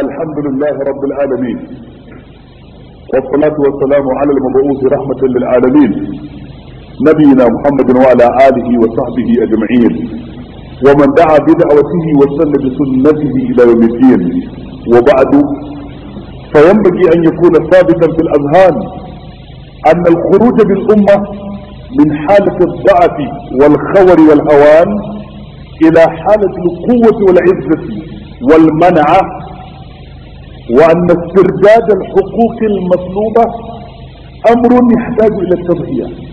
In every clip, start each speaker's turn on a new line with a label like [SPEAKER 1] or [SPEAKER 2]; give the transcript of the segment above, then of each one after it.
[SPEAKER 1] الحمد لله رب العالمين والصلاة والسلام على المبعوث رحمة للعالمين نبينا محمد وعلى آله وصحبه أجمعين ومن دعا بدعوته وسن بسنته إلى يوم الدين وبعد فينبغي أن يكون ثابتا في الأذهان أن الخروج بالأمة من حالة الضعف والخور والهوان إلى حالة القوة والعزة والمنعة وأن استرداد الحقوق المطلوبة أمر يحتاج إلى التضحية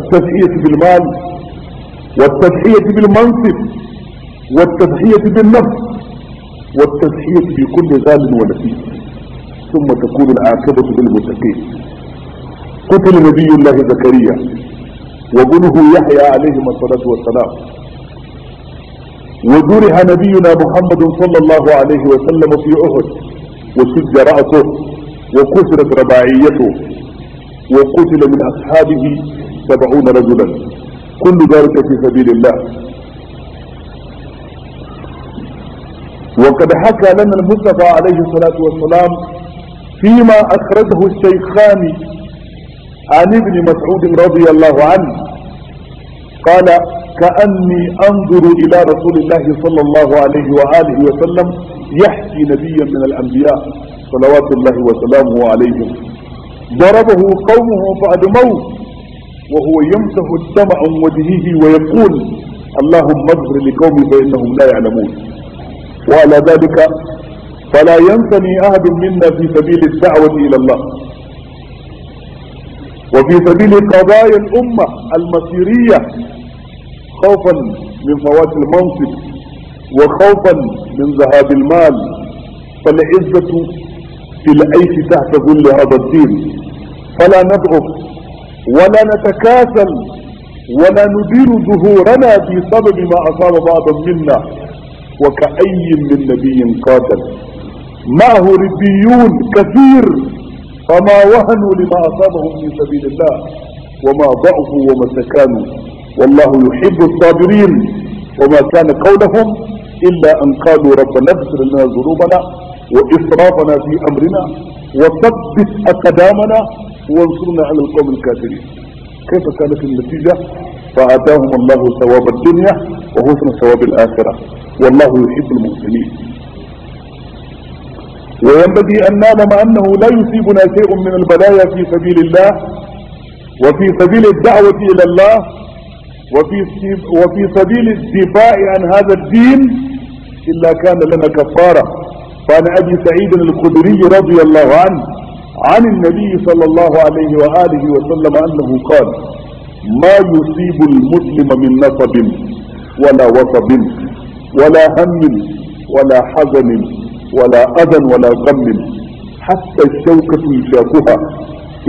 [SPEAKER 1] التضحية بالمال والتضحية بالمنصب والتضحية بالنفس والتضحية بكل غال ونفيس ثم تكون العاقبة للمتقين قتل نبي الله زكريا وابنه يحيى عليهما الصلاة والسلام ودرها نبينا محمد صلى الله عليه وسلم في أحد وشج رأسه وكسرت رباعيته وقتل من أصحابه سبعون رجلا كل ذلك في سبيل الله وقد حكى لنا المصطفى عليه الصلاة والسلام فيما أخرجه الشيخان عن ابن مسعود رضي الله عنه قال كأني أنظر إلى رسول الله صلى الله عليه وآله وسلم يحكي نبيا من الأنبياء صلوات الله وسلامه عليهم ضربه قومه فأدموه وهو يمسح الدم عن وجهه ويقول اللهم اغفر لقومي فإنهم لا يعلمون وعلى ذلك فلا ينثني أحد منا في سبيل الدعوة إلى الله وفي سبيل قضايا الأمة المصيرية خوفا من فوات المنصب وخوفا من ذهاب المال فالعزة في العيش تحت ظل هذا الدين فلا نضعف ولا نتكاسل ولا ندير ظهورنا في سبب ما أصاب بعضا منا وكأي من نبي قاتل معه ربيون كثير فما وهنوا لما أصابهم في سبيل الله وما ضعفوا وما استكانوا والله يحب الصابرين وما كان قولهم إلا أن قالوا ربنا اغفر لنا ذنوبنا وإسرافنا في أمرنا وثبت أقدامنا وانصرنا على القوم الكافرين كيف كانت النتيجة فآتاهم الله ثواب الدنيا وحسن ثواب الآخرة والله يحب المؤمنين وينبغي أن نعلم أنه لا يصيبنا شيء من البلايا في سبيل الله وفي سبيل الدعوة إلى الله وفي وفي سبيل الدفاع عن هذا الدين إلا كان لنا كفارة فعن أبي سعيد الخدري رضي الله عنه عن النبي صلى الله عليه وآله وسلم أنه قال ما يصيب المسلم من نصب ولا وصب ولا هم ولا حزن ولا أذى ولا غم حتى الشوكة يشاكها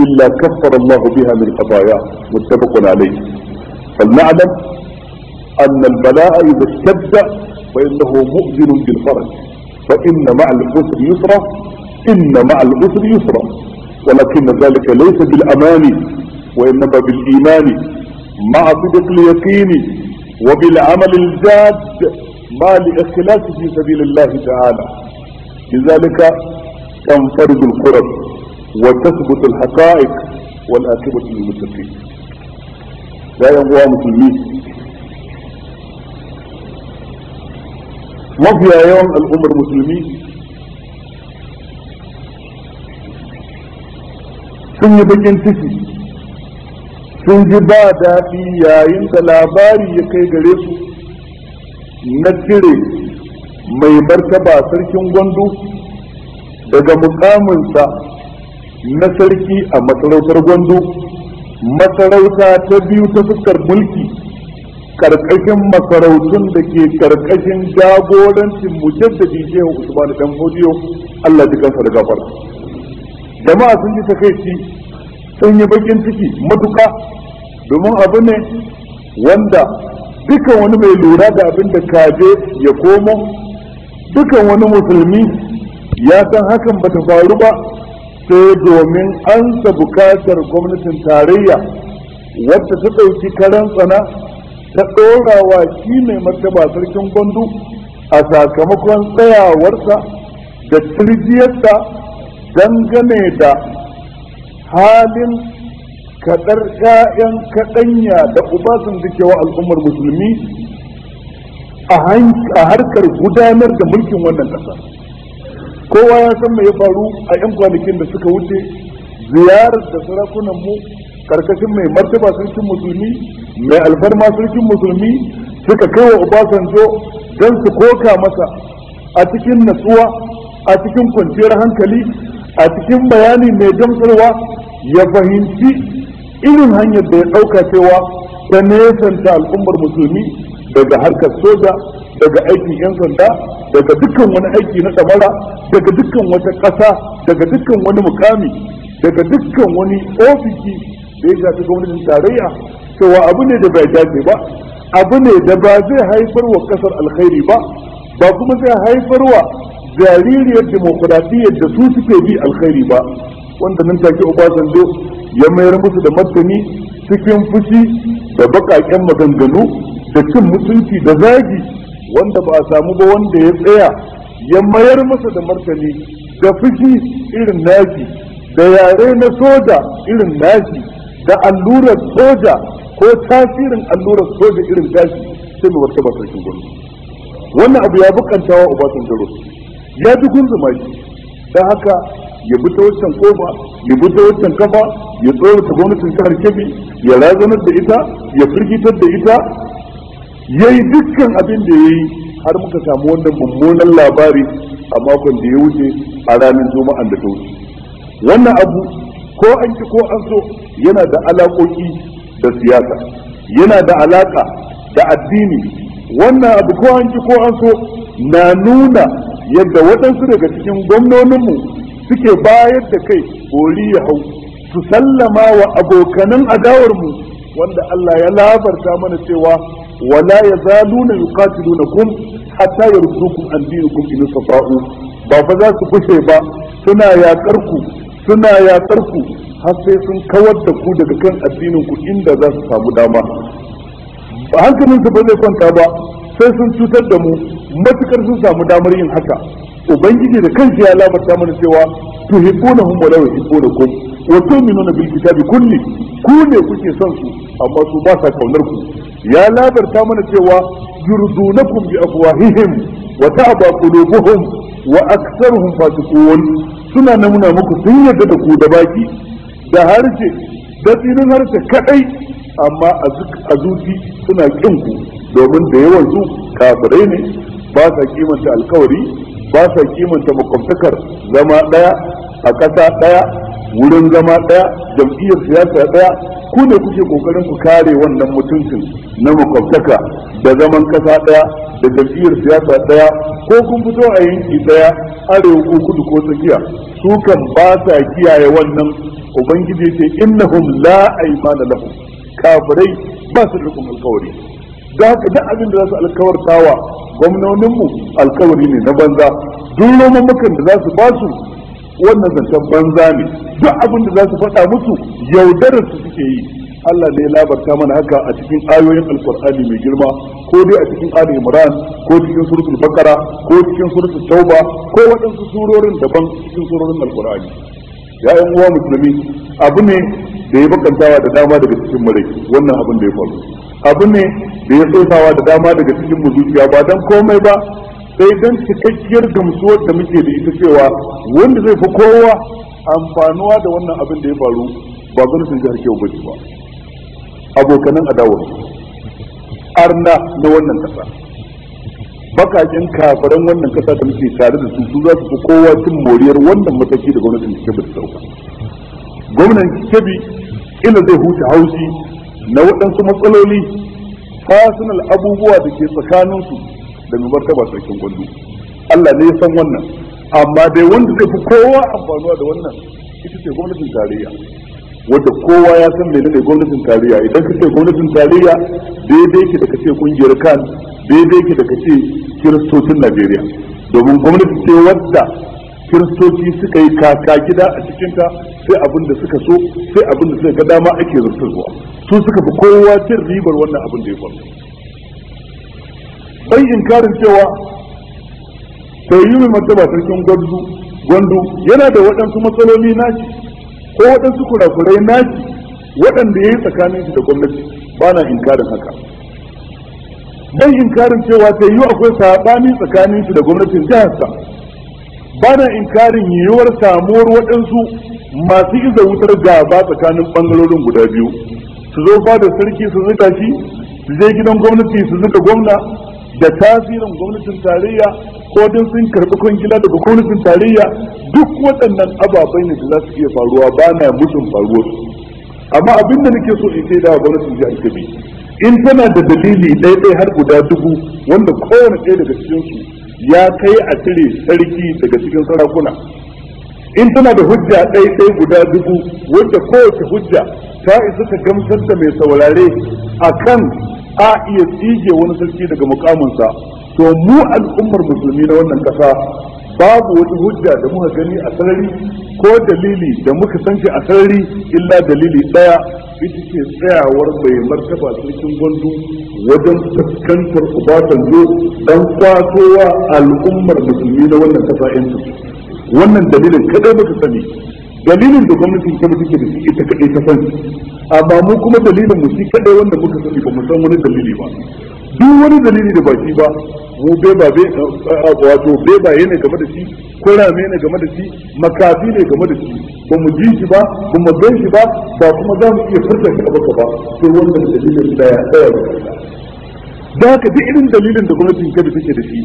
[SPEAKER 1] إلا كفر الله بها من خطاياه متفق عليه فلنعلم أن البلاء إذا اشتد فإنه مؤذن بالفرج فإن مع العسر يسرا إن مع العسر يسرا ولكن ذلك ليس بالأمان وإنما بالإيمان مع صدق اليقين وبالعمل الجاد مع الإخلاص في سبيل الله تعالى لذلك تنفرد الكرب وتثبت الحقائق والآكبة للمتقين ya yan uwa musulmi mafiya yawan al'ummar musulmi sun yi bakin ciki sun ji ba daɗi yayin da labari ya kai gare su na cire mai martaba sarkin gwandu daga mukaminsa na sarki a masarautar gwandu masarauta ta biyu ta fuskar mulki karkashin masarautun da ke karkashin jagorancin mujaddadi shehu usman dan hodiyo Allah ji kansa da gafar jama'a sun ji takaici sun yi bakin ciki matuka domin abu ne wanda dukan wani mai lura da abin da kaje ya komo dukan wani musulmi ya san hakan bata faru ba sai domin ansa bukatar gwamnatin tarayya wadda ta ɗauki karan tsana ta ɗorawa shi mai martaba sarkin gwandu a sakamakon tsayawarsa da turjiyarsa dangane da halin kadar 'ya'yan kaɗanya da ke wa al'ummar musulmi a harkar gudanar da mulkin wannan ƙasa. kowa ya san mai ya faru a yan kwanakin da suka wuce ziyarar da sarakunan mu karkashin mai martaba sarkin musulmi mai alfarma sarkin musulmi suka kai wa Obasanjo don su koka masa a cikin natsuwa a cikin kwanciyar hankali a cikin bayani mai gamsarwa ya fahimci irin hanyar da ya ɗauka cewa ta nesanta al'ummar musulmi daga harkar soja daga aikin yan sanda daga dukkan wani aiki na damara daga dukkan wata ƙasa daga dukkan wani mukami daga dukkan wani ofisi da ya shafi gwamnatin tarayya cewa abu ne da bai dace ba abu ne da ba zai haifar wa ƙasar alkhairi ba ba kuma zai haifar wa jaririyar demokuraɗiyyar da su suke bi alkhairi ba wanda nan take obasanjo ya mayar musu da martani cikin fushi da baƙaƙen maganganu da cin mutunci da zagi wanda ba a samu ba wanda ya tsaya ya mayar masa da martani da fushi irin naji da yare na soja irin naji da allurar soja ko tasirin allurar soja irin naji sai mai wata ba sarkin gwamnati wannan abu ya bukanta wa ubatun jaro ya ji gunzuma shi Da haka ya bi ta wancan kofa ya bi ta wancan kafa ya tsorata gwamnatin jihar kebbi ya razanar da ita ya firgitar da ita yayi dukkan abin da ya yi har muka samu wannan mummunan labari a makon da ya wuce a ranar juma'an da ta wuce wannan abu ko an ki ko an so yana da alaƙoƙi da siyasa yana da alaƙa da addini wannan abu ko an ki ko an so na nuna yadda waɗansu daga cikin gwamnoninmu suke bayar da kai gori ya hau su sallama wa abokanan adawarmu wanda Allah ya labarta mana cewa ولا يزالون يقاتلونكم حتى يردوكم عن دينكم إن استطاعوا بابا ذات بشيبا سنا يا كركو سنا يا كركو har sai sun kawar da ku daga kan addininku ku inda za su samu dama ba hankalin su ba zai kwanta ba sai sun cutar da mu matukar sun samu damar yin haka ubangiji da kansa ya lamarta mana cewa tuhibbunahum wa la yuhibbunakum wa tu'minuna bil kitabi kulli ku ne kuke son su amma su basa sa ku ya labarta mana cewa yurdunakum bi afwahihim wa ta'ba qulubuhum wa aktsaruhum fasiqun suna namuna muku sun yarda da ku da baki da harshe da tsinin harshe kadai amma a zuci suna kin ku domin da yawan su kafirai ne ba sa kimanta alkawari ba sa kimanta makwabtakar zama daya a ƙasa daya wurin zama ɗaya, jam'iyyar siyasa ɗaya, ku ne kuke kokarin ku kare wannan mutuncin na makwabtaka da zaman kasa ɗaya da jam'iyyar siyasa ɗaya ko kun fito a yanki ɗaya arewa ko kudu ko tsakiya su kan ba sa kiyaye wannan ubangiji ce innahum la aymana lahum kafirai ba su da rukun alkawari da haka duk abin da za su wa gwamnoninmu alkawari ne na banza duk romamukan da za su ba wannan zancen banza ne duk abin da za su faɗa musu yaudarar su suke yi Allah ne ya labarta mana haka a cikin ayoyin alkur'ani mai girma ko dai a cikin ali imran ko cikin suratul bakara ko cikin suratul tauba ko waɗansu surorin daban cikin surorin alkur'ani ya yan uwa musulmi abu ne da ya bakantawa da dama daga cikin murai wannan abin da ya faru abu ne da ya tsofawa da dama daga cikin mu zuciya ba dan komai ba sai don cikakkiyar gamsuwar da muke da ita cewa wanda zai fi kowa amfanuwa da wannan abin da ya faru ba gwamnatin jihar Kebbi ba ba abokanan adawar arna na wannan kasa bakakin kafaran wannan kasa da muke tare da su su za su fi kowa cin moriyar wannan mataki da gwamnatin da ta sauka. gwamnan Kebbi ina zai huta haushi na waɗansu matsaloli fasinal abubuwa da ke tsakaninsu da mai martaba sarkin gwandu Allah ne ya san wannan amma dai wanda zai fi kowa amfanuwa da wannan ita ce gwamnatin tarayya wanda kowa ya san me ne gwamnatin tarayya idan ka ce gwamnatin tarayya daidai ki da ka ce kungiyar kan daidai ki da ka kiristocin najeriya domin gwamnati ce wadda kiristoci suka yi kaka gida a cikinta sai abin da suka so sai abin da suka ga dama ake zartarwa su suka fi kowa cin ribar wannan abin da ya faru bai inkarin cewa sai yi mai martaba sarkin gwandu gwandu yana da waɗansu matsaloli naci ko waɗansu kurakurai naci waɗanda ya yi tsakanin shi da gwamnati ba na inkarin haka bai inkarin cewa sai yi akwai saɓani tsakanin shi da gwamnatin jiharsa ba na inkarin yiwuwar samuwar waɗansu masu iza wutar gaba tsakanin ɓangarorin guda biyu su zo da sarki su zuka shi su je gidan gwamnati su zuka gwamna da tasirin gwamnatin tarayya ko don sun karɓi kwangila daga gwamnatin tarayya duk waɗannan ababai ne da za su iya faruwa ba na mutum faruwar amma abin da nake so in sai da gwamnatin jihar Kebbi in tana da dalili ɗaya ɗaya har guda dubu wanda kowane ɗaya daga cikinsu ya kai a cire sarki daga cikin sarakuna in tana da hujja ɗai ɗai guda dubu wadda kowace hujja ta isa ta gamsar da mai saurare akan a iya tsige wani sarki daga mukaminsa to mu al'ummar musulmi na wannan kasa babu wata hujja da muka gani a sarari ko dalili da muka san shi a sarari illa dalili daya ita ce tsayawar bai martaba sarkin gwandu wajen fuskantar ubatanzo dan kwatowa al'ummar musulmi na wannan kasa yanzu. wannan dalilin kadai muka sani dalilin da gwamnatin kebbi take da shi ita kadai ta sani amma mu kuma dalilin mu shi kaɗai wanda muka sani ba mu san wani dalili ba duk wani dalili da baki ba mu be ba be wato be ba yana game da shi ko rame ne game da shi makafi ne game da shi ba mu ji shi ba ba mu gan shi ba ba kuma za mu iya furta shi ba ba sai wannan dalilin da ya tsaya da da haka duk irin dalilin da gwamnatin kebbi take da shi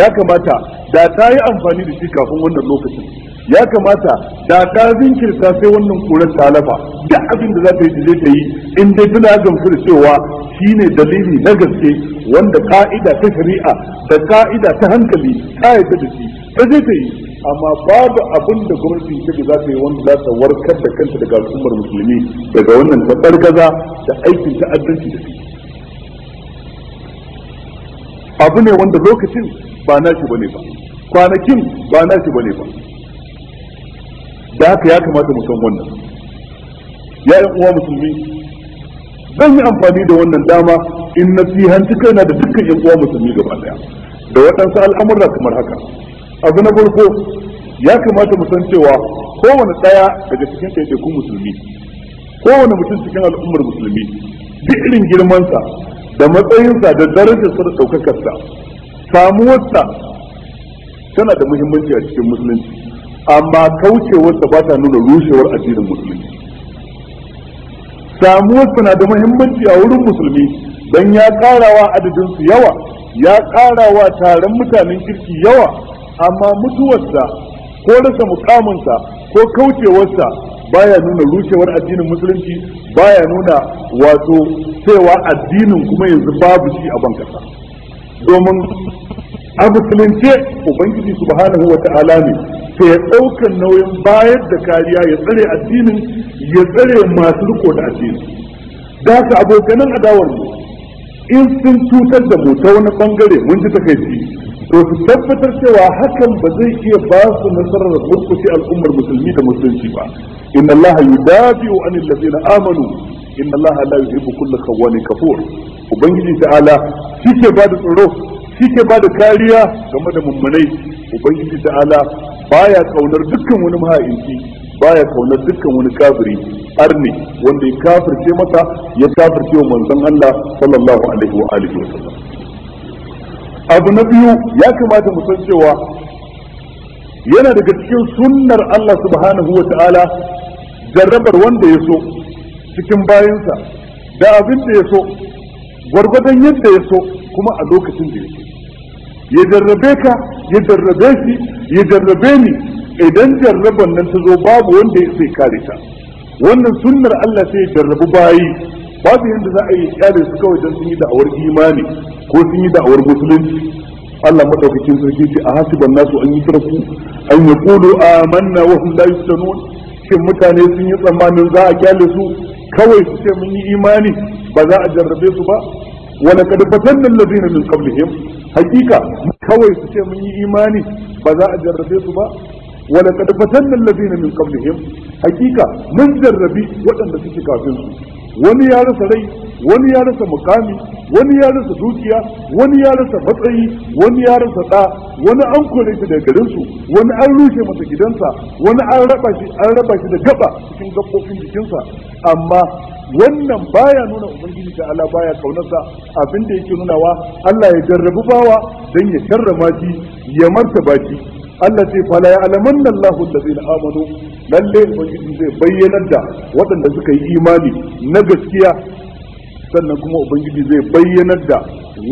[SPEAKER 1] ya kamata da ta yi amfani da shi kafin wannan lokacin ya kamata da ka zinkirta sai wannan kurar talafa, da duk abin da za ka yi zai ta yi in dai tana gamsu da cewa shine dalili na gaske wanda ka'ida ta shari'a da ka'ida ta hankali ta yi da shi ta zai ta yi amma babu abin da gwamnati ta za ta yi wanda za ta warkar da kanta daga al'ummar musulmi daga wannan tsabar gaza da aikin ta'addanci da shi abu ne wanda lokacin ba nashi bane ba kwanakin ba nashi bane ba da haka ya kamata mu san wannan ya yi uwa musulmi zan yi amfani da wannan dama in na nasihanci na da dukkan yan uwa musulmi gaba daya da waɗansu al'amurra kamar haka abu na farko ya kamata mu san cewa kowane ɗaya daga cikin ɗaiɗaikun musulmi kowane mutum cikin al'ummar musulmi duk irin girmansa da matsayinsa da darajarsa da ɗaukakarsa samuwarsa tana da muhimmanci a cikin musulunci amma kaucewar ta ba ta nuna rushewar addinin musulmi samuwar na da muhimmanci a wurin musulmi don ya karawa adadin su yawa ya karawa taron mutanen kirki yawa amma mutuwarsa ko rasa mukaminsa ko kaucewarsa baya nuna rushewar addinin musulunci baya nuna wato cewa addinin kuma yanzu babu shi a ban kasa domin a musulunce ubangiji subhanahu wa ta'ala ne sai ya ɗaukar nauyin bayar da kariya ya tsare addinin ya tsare masu riko da addini da su abokanan adawar mu in sun cutar da mu ta wani bangare mun ji takaici to su tabbatar cewa hakan ba zai iya ba su nasarar murkushe al'ummar musulmi da musulunci ba inna allaha yudafi'u anil ladina amanu inna allaha la yuhibbu kulla khawani kafur ubangiji ta'ala shi ke ba da tsoro shi ke ba da kariya game da mummunai ubangiji ta'ala baya kaunar dukkan wani maha'inci baya kaunar dukkan wani kafiri arni wanda ya kafirce masa ya kafirce wa manzon Allah sallallahu alaihi wa alihi wa sallam abu na biyu ya kamata mu san cewa yana daga cikin sunnar Allah subhanahu wa ta'ala jarrabar wanda ya so cikin bayansa da abin da ya so gwargwadon yadda ya so kuma a lokacin da ya so ya jarrabe ka ya jarrabe shi ya jarrabe ni idan jarraban nan ta zo babu wanda ya sai kare ta wannan sunnar Allah sai ya jarrabu bayi babu yanda za a yi kyale su kawai dan sun yi da'awar imani ko sun yi da'awar musulunci Allah madaukakin sarki ce a hasiban nasu an yi tarku an yi kulu amanna wa hum la yuftanun shin mutane sun yi tsammanin za a kyale su kawai su ce mun yi imani ba za a jarrabe su ba ولقد fatan alladhina min qablihim hakika kawai su ce mun yi imani ba za a jarrabe su ba wala kad fatanna alladhina min qablihim hakika mun jarrabi waɗanda suke kafin su wani ya rasa rai wani ya rasa mukami wani ya rasa dukiya wani ya rasa matsayi wani ya rasa ɗa wani an kore shi daga garin su wani an rushe masa gidansa wani an raba shi an raba shi da gaba cikin gabobin jikinsa amma wannan baya nuna ubangiji ta Allah baya kaunarsa abinda yake nunawa Allah ya jarrabu bawa dan ya karrama shi ya martaba shi Allah ce fala ya alamanna Allahu allazina amanu lalle ubangiji zai bayyanar da waɗanda suka yi imani na gaskiya sannan kuma ubangiji zai bayyanar da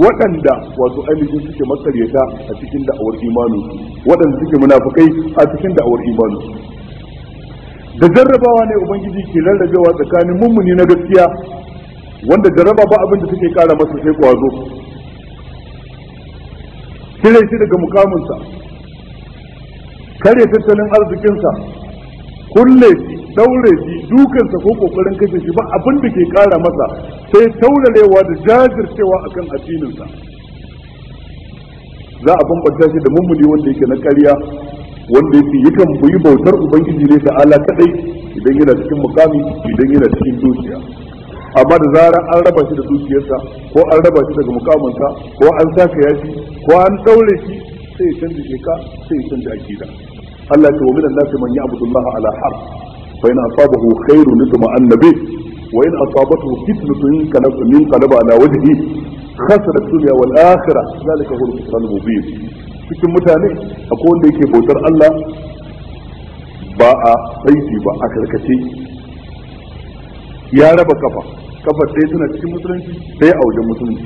[SPEAKER 1] waɗanda wato ainihin suke matsaryata a cikin da'awar imanu waɗanda suke munafukai a cikin da'awar imanu da jarrabawa ne ubangiji ke rarrabewa tsakanin mummuni na gaskiya wanda jarraba ba abin da suke kara masa sai kwazo kire shi daga mukaminsa kare tattalin arzikinsa kulle shi daure shi dukansa ko kokarin kashe shi ba abin da ke kara masa sai taurarewa da jajircewa akan addininsa za a bambanta shi da mummuni wanda yake na karya wanda yake yakan yi bautar ubangiji ne ta'ala kadai idan yana cikin mukami idan yana cikin dukiya amma da zarar an raba shi da dukiyarsa ko an raba shi daga mukaminsa ko an saka yashi ko an daure shi sai ya canza sheka sai ya canza akida Allah ya wa minan nasi man ya'budu ala har fa in asabahu khairun litma'anna bih wa in asabathu fitnatun kalaba min qalaba ala wajhi khasara dunya wal akhirah zalika huwa al-khusran mubin cikin mutane akwai wanda yake bautar Allah ba a aiki ba a karkace ya raba kafa kafa ɗaya tana cikin musulunci ɗaya a wajen musulunci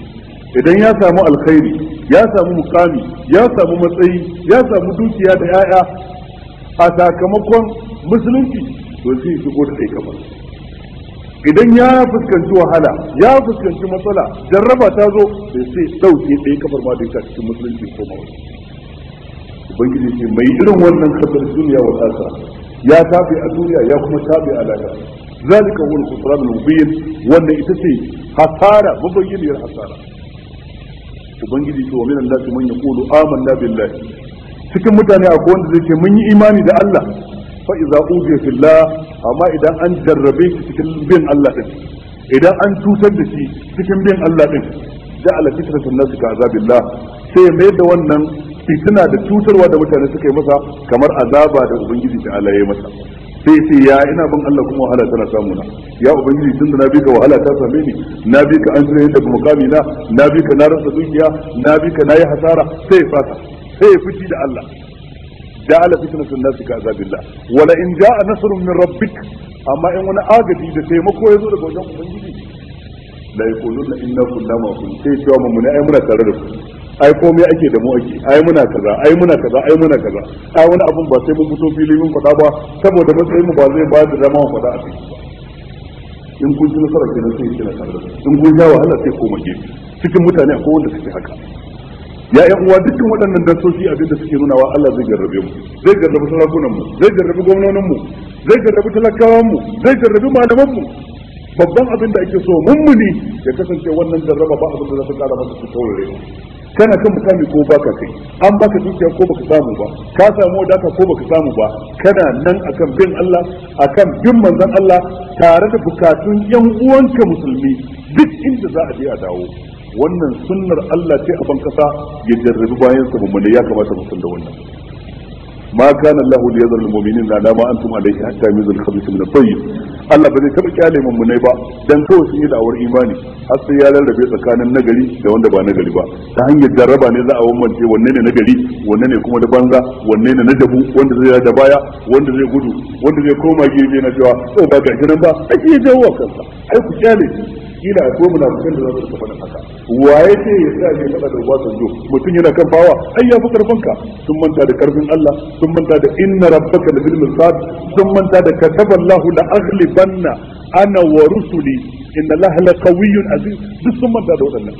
[SPEAKER 1] idan ya samu alkhairi ya samu mukami ya samu matsayi ya samu dukiya da 'ya'ya a sakamakon musulunci to sai su shigo da kai kafa idan ya fuskanci wahala ya fuskanci matsala jarraba ta zo sai sai ɗauke ɗaya kafar ma da cikin musulunci ko mawani ubangiji ce mai irin wannan kasar duniya wa kasa ya tafi a duniya ya kuma tafi a lahira zalika wal khusran al mubin wanda ita ce hasara mabayyiniyar hasara ubangiji ce wa min allati man yaqulu amanna billahi cikin mutane akwai wanda zai ce mun yi imani da Allah fa iza ubiya fillah amma idan an jarrabe shi cikin bin Allah din idan an cutar da shi cikin bin Allah din ja'ala fitratan nas ka azabillah sai mai da wannan fitina da cutarwa da mutane suka yi masa kamar azaba da ubangiji ta Allah ya masa sai sai ya ina bin Allah kuma wahala tana samu na ya ubangiji tun da na bi ka wahala ta same ni na bi ka an tsire daga mukami na na bi ka na rasa dukiya na bi ka na yi hasara sai ya fata sai ya fiti da Allah ja'ala fitnatun nasi ka azabillah wala in ja'a nasrun min rabbik amma in wani agaji da taimako ya zo daga wajen ubangiji la yaquluna inna kunna ma'akum sai cewa mu mun ai muna tare da ku ai komai ake da mu ake ai muna kaza ai muna kaza ai muna kaza ai wani abun ba sai mun fito fili mun faɗa ba saboda matsayin mu ba zai ba da dama mu faɗa a ciki in kun ci nasara kenan sai kina tare in kun ja wahala sai koma ke. cikin mutane akwai wanda suke haka ya yan uwa dukkan waɗannan dasoshi abin da suke nunawa Allah zai jarrabe mu zai jarrabe sarakunan mu zai jarrabe gwamnonin mu zai jarrabe talakawan mu zai jarrabe malaman mu babban abin da ake so mummuni ya kasance wannan jarraba ba abin da za ta kara masa su taurare kana kan mukami ko baka kai an baka dukiya ko baka samu ba ka samu wadata ko baka samu ba kana nan akan bin Allah akan bin manzon Allah tare da bukatun yan uwanka musulmi duk inda za a je a dawo wannan sunnar Allah ce a ban kasa ya jarrabi bayan sa mu ya kamata mu san da wannan ma kana Allah li yadhur lil mu'minin la ma antum alayhi a yuzu al khabith min at-tayyib Allah ba zai mu na mummunai ba dan kawai sun yi da'awar imani har sai ya rarrabe tsakanin nagari da wanda ba nagari ba ta hanyar jarraba ne za a wammace wanne ne nagari wanne ne kuma da banza wanne ne na dabu wanda zai da baya wanda zai gudu wanda zai koma gefe na cewa to ba ga kiran ba ake jawo kansa ai ku kyale kila akwai munafikan da za su rika faɗin haka waye ce ya sa ne faɗa da mutum yana kan bawa ai ya fi karfin ka sun manta da karfin Allah sun manta da inna rabbaka la bil mirsad sun manta da kataballahu la aghlibanna ana wa rusuli inna Allah la qawiyyun aziz duk sun manta da waɗannan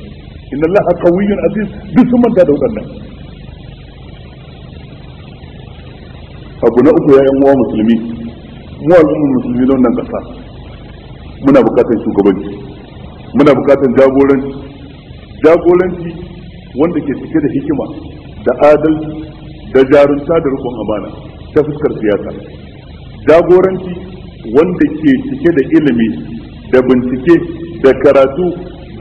[SPEAKER 1] inna Allah qawiyyun aziz duk sun manta da waɗannan abu na uku ya yan musulmi mu al'ummar musulmi na wannan kasa muna bukatar shugabanci muna bukatar jagoranci jagoranci wanda ke cike da hikima da adalci da jarunta da rukun amana ta fuskar siyasa jagoranci wanda ke cike da ilimi da bincike da karatu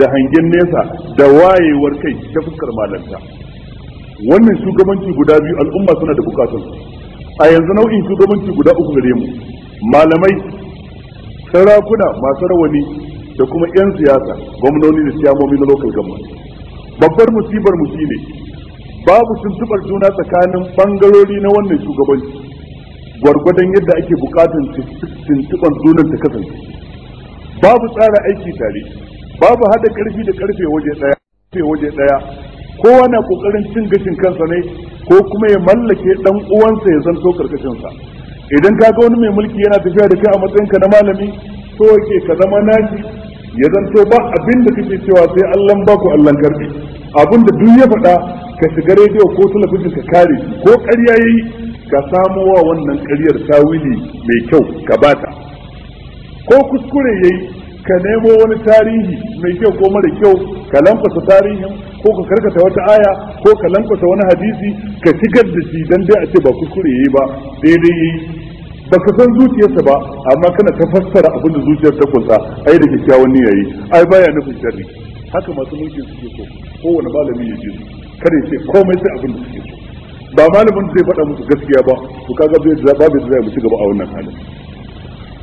[SPEAKER 1] da hangen nesa da wayewar kai ta fuskar malanta wannan shugabanci guda biyu al'umma suna da bukatar a yanzu nau'in shugabanci guda uku gare mu malamai sarakuna masu rawani da kuma yan siyasa gwamnoni da siyamomi na lokal government babbar musibar mu ne babu tuntubar juna tsakanin bangarori na wannan shugabanci gwargwadon yadda ake bukatar tuntubar junan ta kasance babu tsara aiki tare babu hada karfi da karfe waje daya waje daya kowa na kokarin cin gashin kansa ne ko kuma ya mallake ɗan uwansa ya zanto karkashin idan ka ga wani mai mulki yana tafiya da kai a matsayinka na malami so yake ka zama nashi ya zanto ba abin da kake cewa sai Allah ba ku Allah karbe abin da duk ya faɗa ka shiga rediyo ko talabijin ka kare ko ƙarya yayi ka samo wa wannan ƙaryar tawili mai kyau ka bata ko kuskure yayi ka nemo wani tarihi mai kyau ko mara kyau ka lankwasa tarihin ko ka karkata wata aya ko ka lankwasa wani hadisi ka shigar da shi dan dai a ce ba kuskure yayi ba daidai yayi ka san zuciyarsa ba amma kana ta fassara abin da zuciyar ta kunsa ai da kyakkyawan niyya yi ai baya nufin sharri haka masu mulki suke so kowane malami ya ji su kada ya ce komai sai abin da suke so ba malamin zai faɗa musu gaskiya ba to kaga bai da babu da zai mu gaba a wannan halin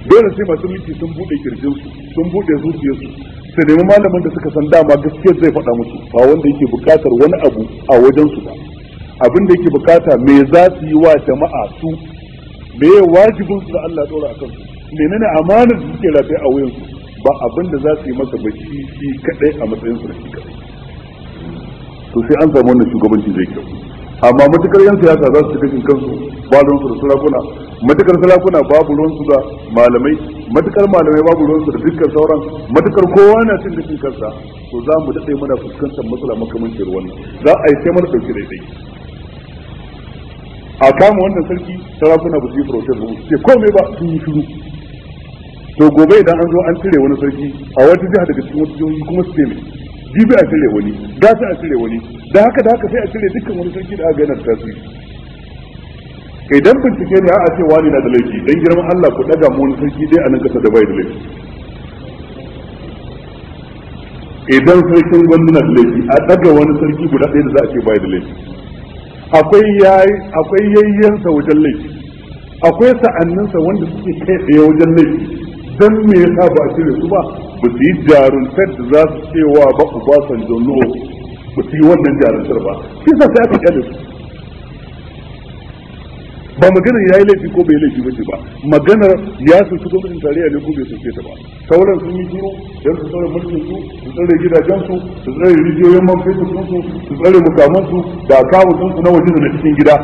[SPEAKER 1] dole sai masu mulki sun bude kirjin su sun bude zuciyar su sai nemi malamin da suka san dama gaskiyar zai faɗa musu ba wanda yake buƙatar wani abu a wajen su ba abin da yake bukata me za su yi wa jama'a su me ya wajibin su da Allah dora a su menene amanar da suke lafiya a wuyan su ba abin da za su yi masa bacci shi kadai a matsayin su da shi kadai to sai an samu wannan shugabanci zai kyau amma matukar yan siyasa za su kashin kansu ba ruwan su da sarakuna matukar sarakuna babu ruwan su da malamai matukar malamai babu ruwan su da dukkan sauran matukar kowa na cin gashin kansa to za mu daɗe muna fuskantar matsala makamancin ruwan za a yi sai mana ɗauki daidai a kama wannan sarki sarakuna ba su yi protest ba ce komai ba sun yi shiru to gobe idan an zo an cire wani sarki a wata jiha daga cikin wata jihohi kuma su ce jibi a cire wani gasa su a cire wani da haka da haka sai a cire dukkan wani sarki da aka gana tasiri idan bincike ne a ce wani na da laifi dan girman Allah ku daga mu wani sarki dai a nan kasa da bai da laifi idan sarkin gwamnati na da laifi a daga wani sarki guda ɗaya da za a ce bai da laifi akwai yayi akwai yayyansa wajen laifi akwai sa'anninsa wanda suke kai tsaye wajen laifi dan me yasa ba a cire su ba ba su yi jaruntar da za su cewa ba ku ba san nuhu ba su yi wannan jaruntar ba sa sai aka su ba magana ya yi laifi ko bai laifi ba ce ba maganar ya su gwamnatin tarayya ne ko bai soke ta ba sauran sun yi turu don su tsare mulkin su su tsare gidajen su su tsare rijiyoyin man fetur sun su su tsare mukamansu da kawo sun su na waje na cikin gida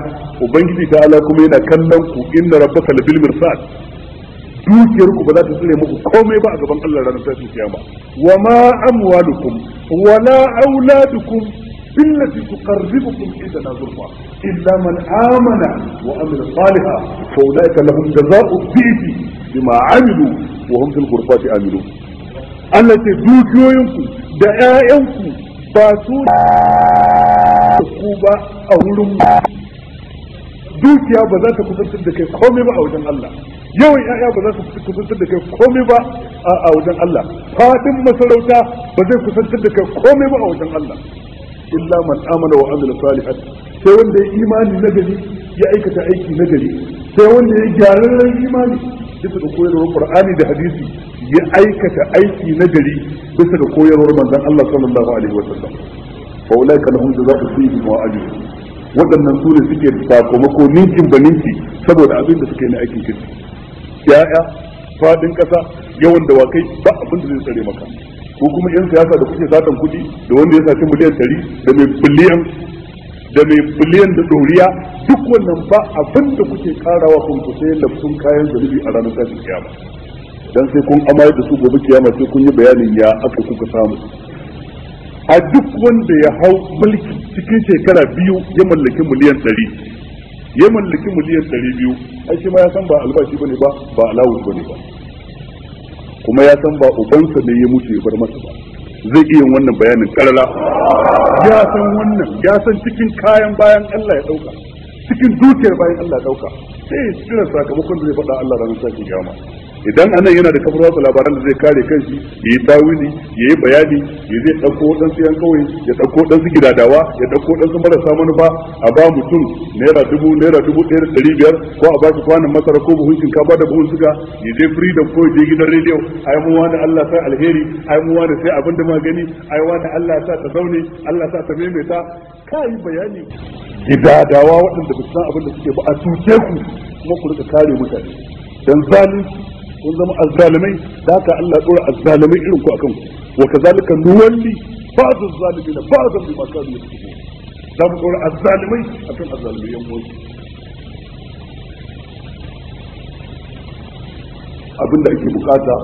[SPEAKER 1] ubangiji ta ala kuma yana kallon ku inna rabbaka labil mirsad dukiyar ku ba za ta tsare muku komai ba a gaban Allah ranar tashin kiyama wa ma amwalukum wala auladukum بالتي تقربكم عندنا زلفى إلا من آمن وعمل صالحا فأولئك لهم جزاء الضيف بما عملوا وهم في الغرفات آمنون Allah ce dukiyoyinku da ‘ya'yanku ba su ku ba a wurin dukiya ba za ta komai ba a wajen Allah yawan ‘ya'ya ba za su kusantar da kai komai ba a wajen Allah faɗin masarauta ba zai kusantar da kai komai ba a wajen Allah illa man amana wa amila salihan sai wanda ya imani nagari ya aikata aiki nagari sai wanda ya gyararren imani bisa ga koyarwar qur'ani da hadisi ya aikata aiki nagari bisa ga koyarwar manzon Allah sallallahu alaihi wasallam fa ulaika lahum jazaa'u sayyidin wa ajr waɗannan su ne suke sakamako ninkin ba ninki saboda abin da suke na aikin kirki ya'ya fadin ƙasa yawan dawakai ba abin da zai tsare maka ko kuma yan siyasa da kuke satan kuɗi da wanda ya saci miliyan ɗari da mai biliyan da mai biliyan da ɗoriya duk wannan ba abin da kuke karawa kanku sai lafsun kayan zunubi a ranar tashin kiyama dan sai kun amaye da su gobe kiyama sai kun yi bayanin ya aka kuka samu a duk wanda ya hau mulki cikin shekara biyu ya mallaki miliyan ɗari ya mallaki miliyan ɗari biyu ai shi ma ya san ba albashi bane ba ba alawus bane ba kuma ya san ba ubansa ne ya mutu ya bar masa ba zai iya wannan bayanin karara ya san wannan ya san cikin kayan bayan Allah ya dauka cikin dukiyar bayan Allah ya dauka sai ya sakamakon da zai faɗa Allah ranar sakin kiyama idan anan yana da kafar wasu labaran da zai kare kanshi ya yi tawili ya yi bayani ya zai ɗauko ɗan yan kawai ya ɗauko su gidadawa ya ɗauko su marasa manufa a ba mutum naira dubu naira dubu ɗaya da ɗari biyar ko a ba shi kwanan masara ko buhun shinkafa da buhun suga ya je freedom ko ya je gidan rediyo ai mu wani Allah sa alheri ai mu wani sai abin da magani a ai wani Allah sa ta zaune Allah sa ta maimaita kai bayani gidadawa waɗanda ba san abin da suke ba a tuke ku kuma ku rika kare mutane dan zalunci kun zama azzalimai da haka Allah dora azzalimai irin ku akan wa kazalika nuwalli ba'd az-zalimin ba'd bima kanu yasbun za mu dora azzalimai akan azzalimai yan uwan abin da ake bukata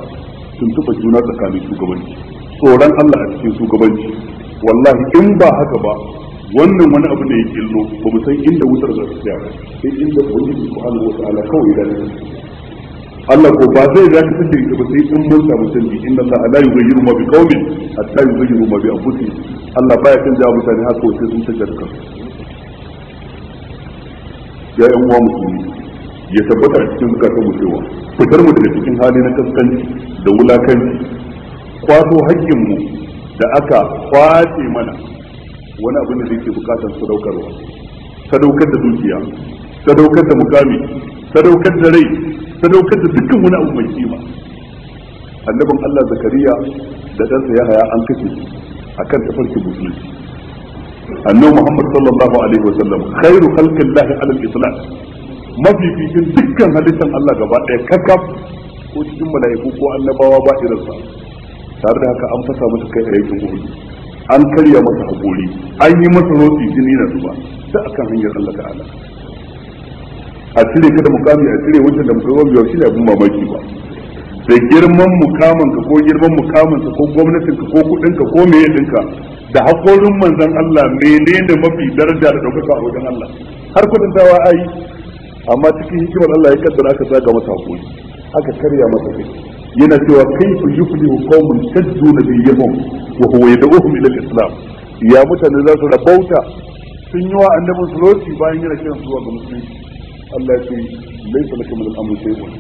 [SPEAKER 1] tuntuba juna tsakanin shugabanci tsoron Allah a cikin shugabanci wallahi in ba haka ba wannan wani abu ne ya killo ba mu san inda wutar za ta tsaya sai inda ubangiji subhanahu wa ta'ala kawai da Allah ko ba zai za ka kashe ka ba sai in mun samu canji inna Allah la yughayyiru ma biqaumin hatta yughayyiru ma bi anfusihim Allah baya kan jawo mutane haka sai sun canza da kansu ya yan uwa musulmi ya tabbata a cikin zakar mu cewa fitar mu daga cikin hali na kaskanci da wulakanci kwato haƙƙin mu da aka kwace mana wani abu abin da yake bukatar sadaukarwa sadaukar da dukiya sadaukar da mukami sadaukar da rai sadaukar da dukkan wani abu mai kima annabin Allah Zakariya da ɗansa Yahaya an kashe a kan tafarki musulunci annabi Muhammad sallallahu alaihi wasallam khairu khalqillahi ala alal islam mafificin dukkan halittan Allah gaba ɗaya kakaf ko cikin mala'iku ko annabawa ba irinsa tare da haka an fasa masa kai a yankin Uhud an karya masa haƙuri. an yi masa rotsi jini na zuba da akan hanyar Allah ta'ala a cire ka da mukami a cire wancan da musulman biyar shi ne abin mamaki ba da girman mukamin ka ko girman mukamin ka ko gwamnatin ka ko kudin ka ko meye dinka da hakorin manzon Allah menene mafi daraja da daukaka a wajen Allah har kudin dawa ai amma cikin hikimar Allah ya kaddara aka zaga masa hakuri aka karya masa kai yana cewa kaifu yuflihu qaumun shaddu nabiyyahum wa huwa yad'uhum ila al-islam ya mutane za su rabauta sun yi wa annabin su bayan yana kiran zuwa ga musulunci Allah ce laysa lakum min al-amri shay'un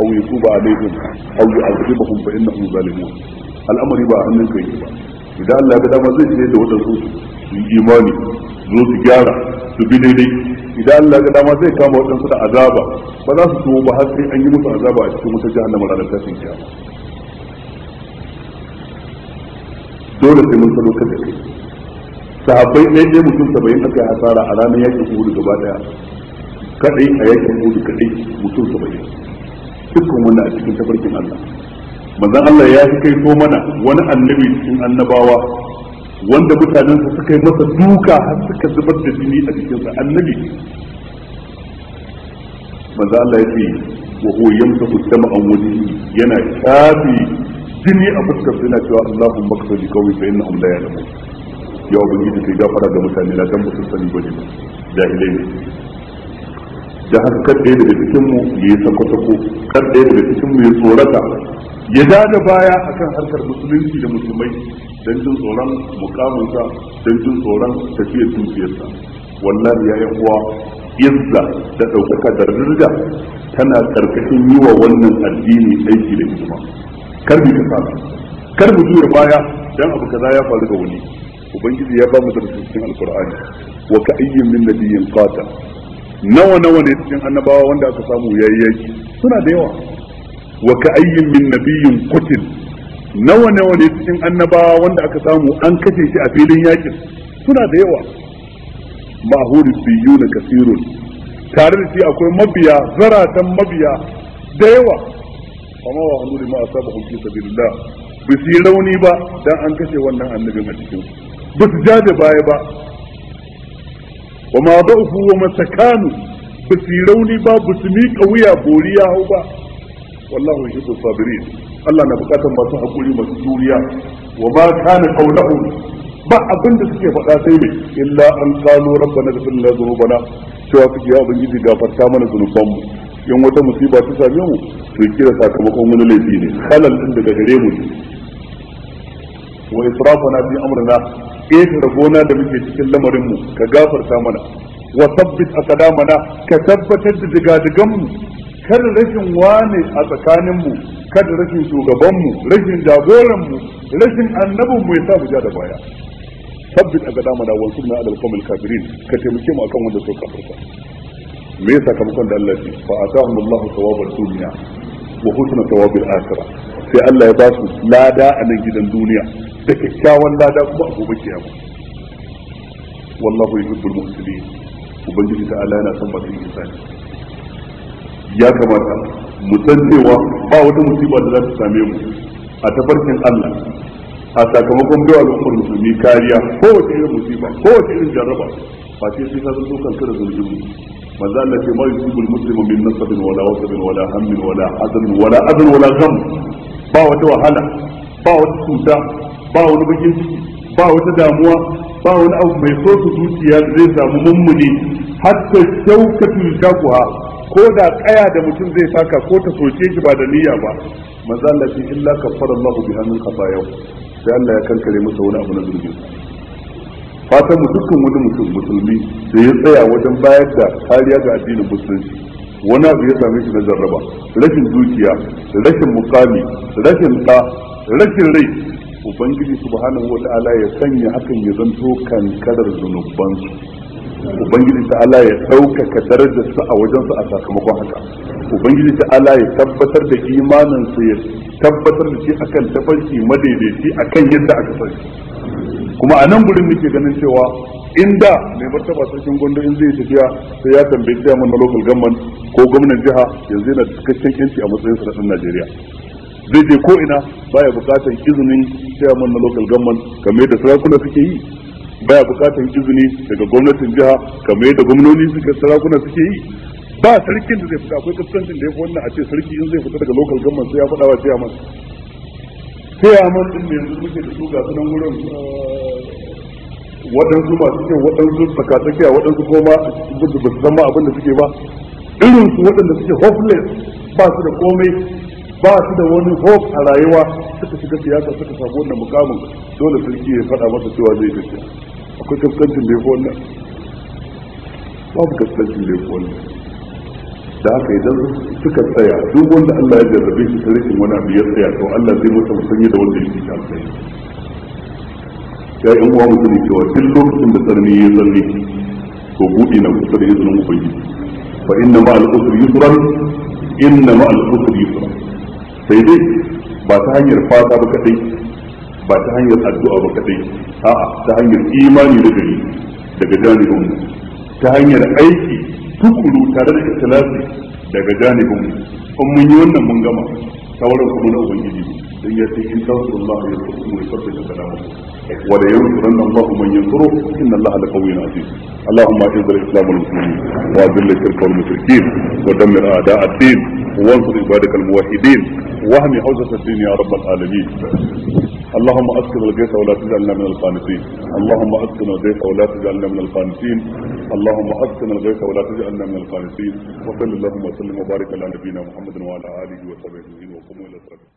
[SPEAKER 1] aw yutuba alaykum aw yu'adhibuhum fa innahum zalimun al'amari ba hannun kai ba idan Allah ya ga dama zai ce da wadansu su yi imani zo su gyara su bi daidai idan Allah ga dama zai kama waɗansu da azaba ba za su tuwo ba har sai an yi musu azaba a cikin wata jahannama ranar tashin kiyama dole sai mun salo kada kai sahabbai ɗaya ɗaya mutum saba'in aka yi hasara a ranar yakin hudu gaba ɗaya kadai a yakin Uhud kadai mutum 70 dukkan wannan a cikin tafarkin Allah manzon Allah ya fi kai so mana wani annabi cikin annabawa wanda mutanensa suka yi masa duka har suka zubar da jini a jikinsa annabi manzo Allah ya ce wa huwa yamsaku sama'an wani yana tafi jini a fuskar sa yana cewa Allahumma kfir bi qawmi fa innahum la ya'lamun ya ubangiji kai gafara ga mutane na dan musu sani bane jahilai ne da haka kar ɗaya daga cikin mu ya yi sako-sako kar ɗaya daga cikin mu ya tsorata ya daga baya akan harkar musulunci da musulmai don jin tsoron mukaminsa don jin tsoron tafiyar dukiyarsa wallahi ya yi uwa izza da ɗaukaka da rirga tana ƙarƙashin yi wa wannan addini aiki da hikima kar ka kasa kar mu jure baya dan abu kaza ya faru ga wani ubangiji ya ba mu darasin alqur'ani wa ka ayyin min nabiyyin qata nawa nawa ne cikin annabawa wanda aka samu yayi yaki suna da yawa wa ka ayyin min nabiyyin qutil nawa nawa ne cikin annabawa wanda aka samu an kashe shi a filin yakin suna da yawa ma'huri biyuna kasirun tare da shi akwai mabiya zaratan mabiya da yawa amma wa hannu ma asabahu fi sabilillah bi rauni ba dan an kashe wannan annabin a cikin ba su ja da baya ba wa ma ba'fu wa masakanu ba su rauni ba ba su miƙa wuya bori ya hau ba wallahu yuhibbu sabirin Allah na bukatar masu hakuri masu juriya wa ma kana qawluhum ba abin suke faɗa sai mai illa an qalu rabbana ghfir lana dhunubana cewa suke ya ubangiji gafarta mana zunubanmu in wata musiba ta same mu to da sakamakon wani laifi ne halal ɗin daga gare mu ne wa israfana fi amrina ƙetare gona da muke cikin lamarinmu ka gafarta mana wa sabbit mana ka tabbatar da digadiganmu kar rashin wane a tsakaninmu kar rashin shugabanmu rashin jagoranmu rashin annabinmu ya sa mu ja da baya sabbit aqdamana wa sunna ala al kafirin ka taimake mu akan wanda suka kafarta me yasa kamakon da Allah ya fa atahumullahu thawabal dunya wa husna thawabil akhirah sai Allah ya ba su lada a nan gidan duniya da kyakkyawan lada kuma a gobe kiyama wallahu yuhibbul muhsinin ubangiji ta Allah yana son masu ihsani ya kamata mu san cewa ba wata musiba da za ta same mu a tafarkin Allah a sakamakon bai al'ummar musulmi kariya ko wata irin musiba wata irin jarraba ba sai sai ka zo kan kada zulmi manzo Allah ce mai yusibul muslimu min nasabin wala wasabin wala hammin wala hadan wala adan wala ba wata wahala ba wata cuta ba wani bakin ba wata damuwa ba wani abu mai so su zuciya zai samu mummuni hatta shaukatu shakuha ko da kaya da mutum zai taka, ko ta soke shi ba da niyya ba manzo Allah ce illa kaffara Allah biha min sai Allah ya kankare masa wani abu na zurbi fatan mu dukkan wani mutum musulmi da ya tsaya wajen bayar da kariya ga addinin musulunci wani abu ya same shi na jarraba rashin dukiya rashin mukami rashin ɗa rashin rai ubangiji subhanahu wata'ala ya sanya hakan ya zanto kankarar zunubansu ubangiji ta'ala ya ɗaukaka darajarsa a wajensu a sakamakon haka ubangiji ta'ala ya tabbatar da imaninsa ya tabbatar da shi akan tafarki madaidaici akan yadda aka sani kuma a nan gurin muke ganin cewa inda mai martaba sarkin gondo in zai tafiya sai ya tambayi chairman na local government ko gwamnan jiha yanzu yana cikakken yanci a matsayin sa na Najeriya zai je ko ina baya bukatar izinin chairman na local government kamar yadda sarakuna suke yi baya bukatar izini daga gwamnatin jiha kamar yadda gwamnoni suke sarakuna suke yi ba sarkin da zai fita akwai kaskancin da ya fi wannan a ce sarki in zai fita daga local government sai ya faɗa wa chairman chairman din da yanzu muke da su ga sunan wurin waɗansu masu kyau waɗansu a waɗansu koma ba su zama abin da suke ba irin su waɗanda suke hopeless ba su da komai ba su da wani hope a rayuwa suka shiga siyasa suka samu wannan mukamin dole sarki ya faɗa masa cewa zai tafiya akwai kaskancin da ya fi wannan babu kaskancin da ya fi wannan da haka idan suka tsaya duk wanda Allah ya jarrabe shi ta rashin wani abu ya tsaya to Allah zai masa musanye da wanda yake kan sai ya yan uwa mutum cewa duk lokacin da tsarni ya tsarni to buɗe na kusa da izinin ubangiji fa inna ma al-usri yusran inna ma al-usri yusran sai dai ba ta hanyar fata ba kadai ba ta hanyar addu'a ba kadai a'a ta hanyar imani da gari daga janibin ta hanyar aiki dukulu tare da ikhtilafi daga janibin kun mun yi wannan mun gama sauran kuma na ubangiji dan ya ce in tawassul Allah ya tsoro ya tsoro da kalamu wa da yau ran Allah yin tsoro inna Allah la qawiyyun aziz Allahumma ajil islamu wal muslimin wa ajil al-kufar mushrikin wa dammir a'da'a ad-din wa ansur ibadakal muwahhidin wa hamil hawza ad-din ya rabbal alamin اللهم اسكن الغيث ولا تجعلنا من القانتين اللهم اسكن الغيث ولا تجعلنا من القانتين اللهم اسكن الغيث ولا تجعلنا من القانتين وصل اللهم وسلم وبارك على نبينا محمد وعلى اله وصحبه اجمعين وقوموا الى الصلاه